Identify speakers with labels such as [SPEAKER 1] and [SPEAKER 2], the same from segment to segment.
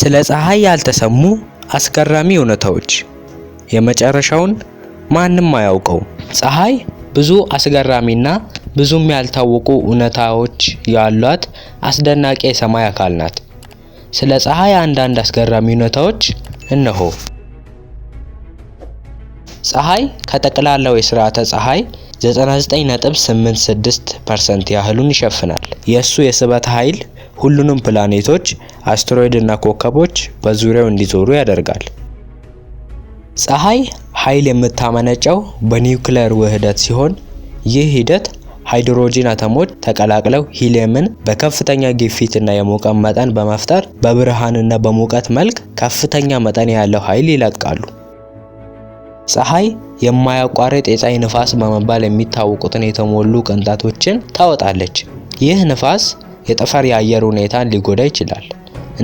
[SPEAKER 1] ስለ ፀሐይ ያልተሰሙ አስገራሚ እውነታዎች የመጨረሻውን ማንም አያውቀው። ፀሐይ ብዙ አስገራሚና ብዙም ያልታወቁ እውነታዎች ያሏት አስደናቂ የሰማይ አካል ናት። ስለ ፀሐይ አንዳንድ አስገራሚ እውነታዎች እነሆ። ፀሐይ ከጠቅላላው የስርዓተ ፀሐይ 99.86% ያህሉን ይሸፍናል። የእሱ የስበት ኃይል ሁሉንም ፕላኔቶች፣ አስትሮይድ እና ኮከቦች በዙሪያው እንዲዞሩ ያደርጋል። ፀሐይ ኃይል የምታመነጨው በኒውክሌር ውህደት ሲሆን ይህ ሂደት ሃይድሮጂን አተሞች ተቀላቅለው ሂሊየምን በከፍተኛ ግፊት እና የሙቀት መጠን በመፍጠር በብርሃንና በሙቀት መልክ ከፍተኛ መጠን ያለው ኃይል ይለቃሉ። ፀሐይ የማያቋርጥ የፀሐይ ንፋስ በመባል የሚታወቁትን የተሞሉ ቅንጣቶችን ታወጣለች። ይህ ንፋስ የጠፈር የአየር ሁኔታን ሊጎዳ ይችላል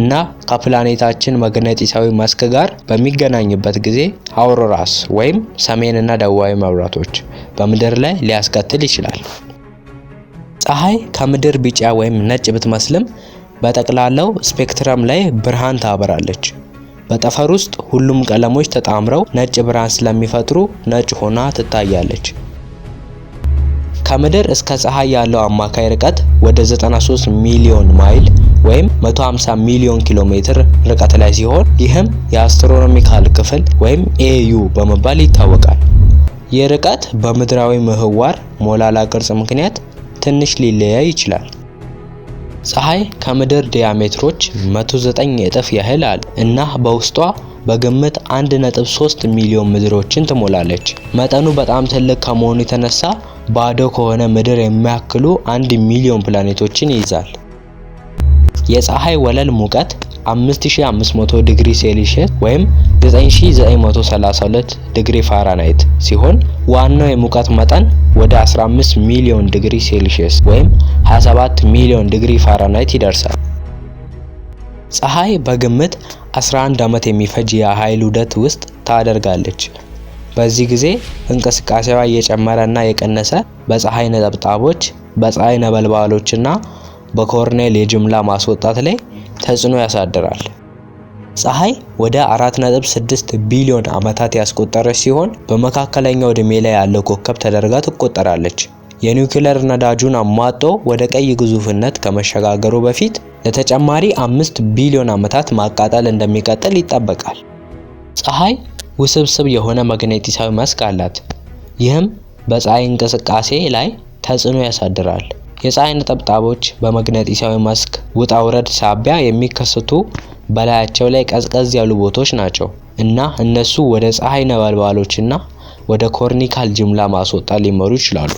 [SPEAKER 1] እና ከፕላኔታችን መግነጢሳዊ መስክ ጋር በሚገናኝበት ጊዜ አውሮራስ ወይም ሰሜንና ደቡባዊ መብራቶች በምድር ላይ ሊያስከትል ይችላል። ፀሐይ ከምድር ቢጫ ወይም ነጭ ብትመስልም በጠቅላላው ስፔክትረም ላይ ብርሃን ታበራለች። በጠፈር ውስጥ ሁሉም ቀለሞች ተጣምረው ነጭ ብርሃን ስለሚፈጥሩ ነጭ ሆና ትታያለች። ከምድር እስከ ፀሐይ ያለው አማካይ ርቀት ወደ 93 ሚሊዮን ማይል ወይም 150 ሚሊዮን ኪሎ ሜትር ርቀት ላይ ሲሆን ይህም የአስትሮኖሚካል ክፍል ወይም ኤዩ በመባል ይታወቃል። ይህ ርቀት በምድራዊ ምህዋር ሞላላ ቅርጽ ምክንያት ትንሽ ሊለያይ ይችላል። ፀሐይ ከምድር ዲያሜትሮች 109 እጥፍ ያህል አለ እና በውስጧ በግምት 1.3 ሚሊዮን ምድሮችን ትሞላለች። መጠኑ በጣም ትልቅ ከመሆኑ የተነሳ ባዶ ከሆነ ምድር የሚያክሉ አንድ ሚሊዮን ፕላኔቶችን ይይዛል። የፀሐይ ወለል ሙቀት 5500 ዲግሪ ሴልሺየስ ወይም 9932 ዲግሪ ፋራናይት ሲሆን ዋናው የሙቀት መጠን ወደ 15 ሚሊዮን ዲግሪ ሴልሺየስ ወይም 27 ሚሊዮን ዲግሪ ፋራናይት ይደርሳል። ፀሐይ በግምት 11 ዓመት የሚፈጅ የኃይል ውደት ውስጥ ታደርጋለች። በዚህ ጊዜ እንቅስቃሴዋ እየጨመረና የቀነሰ በፀሐይ ነጠብጣቦች፣ በፀሐይ ነበልባሎችና በኮርኔል የጅምላ ማስወጣት ላይ ተጽዕኖ ያሳድራል። ፀሐይ ወደ 4.6 ቢሊዮን ዓመታት ያስቆጠረች ሲሆን በመካከለኛው ዕድሜ ላይ ያለው ኮከብ ተደርጋ ትቆጠራለች። የኒውክሌር ነዳጁን አሟጦ ወደ ቀይ ግዙፍነት ከመሸጋገሩ በፊት ለተጨማሪ 5 ቢሊዮን ዓመታት ማቃጠል እንደሚቀጥል ይጠበቃል። ፀሐይ ውስብስብ የሆነ መግነጢሳዊ መስክ አላት። ይህም በፀሐይ እንቅስቃሴ ላይ ተጽዕኖ ያሳድራል። የፀሐይ ነጠብጣቦች በመግነጢሳዊ መስክ ውጣ ውረድ ሳቢያ የሚከሰቱ በላያቸው ላይ ቀዝቀዝ ያሉ ቦታዎች ናቸው እና እነሱ ወደ ፀሐይ ነበልባሎችና ወደ ኮርኒካል ጅምላ ማስወጣት ሊመሩ ይችላሉ።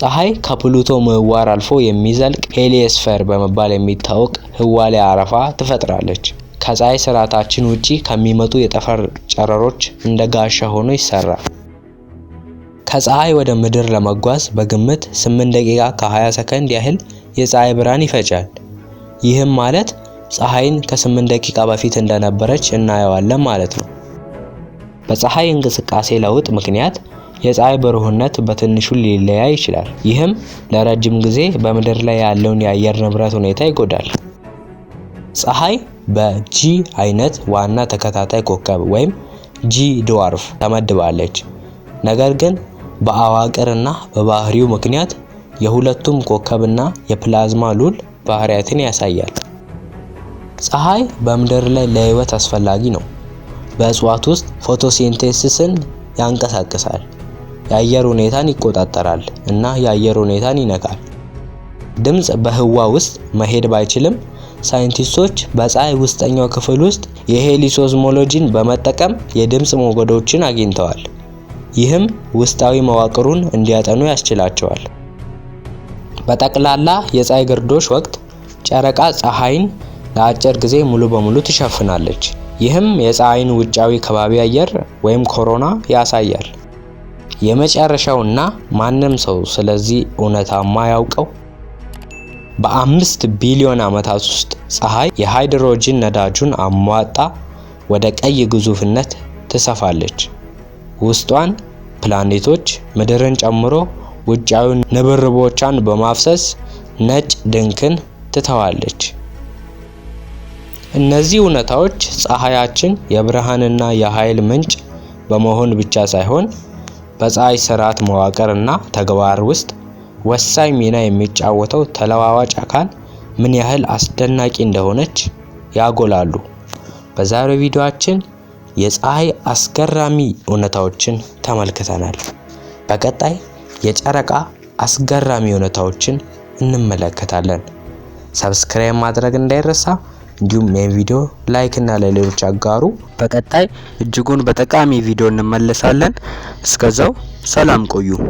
[SPEAKER 1] ፀሐይ ከፕሉቶ ምህዋር አልፎ የሚዘልቅ ሄሊዮስፌር በመባል የሚታወቅ ህዋ አረፋ ትፈጥራለች። ከፀሐይ ስርዓታችን ውጪ ከሚመጡ የጠፈር ጨረሮች እንደ ጋሻ ሆኖ ይሰራል። ከፀሐይ ወደ ምድር ለመጓዝ በግምት 8 ደቂቃ ከ20 ሰከንድ ያህል የፀሐይ ብርሃን ይፈጫል። ይህም ማለት ፀሐይን ከ8 ደቂቃ በፊት እንደነበረች እናየዋለን ማለት ነው። በፀሐይ እንቅስቃሴ ለውጥ ምክንያት የፀሐይ ብሩህነት በትንሹ ሊለያይ ይችላል። ይህም ለረጅም ጊዜ በምድር ላይ ያለውን የአየር ንብረት ሁኔታ ይጎዳል። ፀሐይ በጂ አይነት ዋና ተከታታይ ኮከብ ወይም ጂ ድዋርፍ ተመድባለች። ነገር ግን በአዋቅርና በባህሪው ምክንያት የሁለቱም ኮከብና የፕላዝማ ሉል ባህሪያትን ያሳያል። ፀሐይ በምድር ላይ ለህይወት አስፈላጊ ነው። በእጽዋት ውስጥ ፎቶሲንቴሲስን ያንቀሳቅሳል፣ የአየር ሁኔታን ይቆጣጠራል እና የአየር ሁኔታን ይነካል። ድምፅ በህዋ ውስጥ መሄድ ባይችልም ሳይንቲስቶች በፀሐይ ውስጠኛው ክፍል ውስጥ የሄሊሶዝሞሎጂን በመጠቀም የድምፅ ሞገዶችን አግኝተዋል። ይህም ውስጣዊ መዋቅሩን እንዲያጠኑ ያስችላቸዋል። በጠቅላላ የፀሐይ ግርዶሽ ወቅት ጨረቃ ፀሐይን ለአጭር ጊዜ ሙሉ በሙሉ ትሸፍናለች። ይህም የፀሐይን ውጫዊ ከባቢ አየር ወይም ኮሮና ያሳያል። እና ማንም ሰው ስለዚህ እውነታ ማያውቀው በአምስት ቢሊዮን ዓመታት ውስጥ ፀሐይ የሃይድሮጂን ነዳጁን አሟጣ ወደ ቀይ ግዙፍነት ትሰፋለች። ውስጧን ፕላኔቶች ምድርን ጨምሮ ውጫዊ ንብርቦቿን በማፍሰስ ነጭ ድንክን ትተዋለች። እነዚህ እውነታዎች ፀሐያችን የብርሃንና የኃይል ምንጭ በመሆን ብቻ ሳይሆን በፀሐይ ስርዓት መዋቅር እና ተግባር ውስጥ ወሳኝ ሚና የሚጫወተው ተለዋዋጭ አካል ምን ያህል አስደናቂ እንደሆነች ያጎላሉ። በዛሬው ቪዲዮአችን የፀሐይ አስገራሚ እውነታዎችን ተመልክተናል። በቀጣይ የጨረቃ አስገራሚ እውነታዎችን እንመለከታለን። ሰብስክራይብ ማድረግ እንዳይረሳ፣ እንዲሁም ይህን ቪዲዮ ላይክ እና ለሌሎች አጋሩ። በቀጣይ እጅጉን በጠቃሚ ቪዲዮ እንመለሳለን። እስከዛው ሰላም ቆዩ።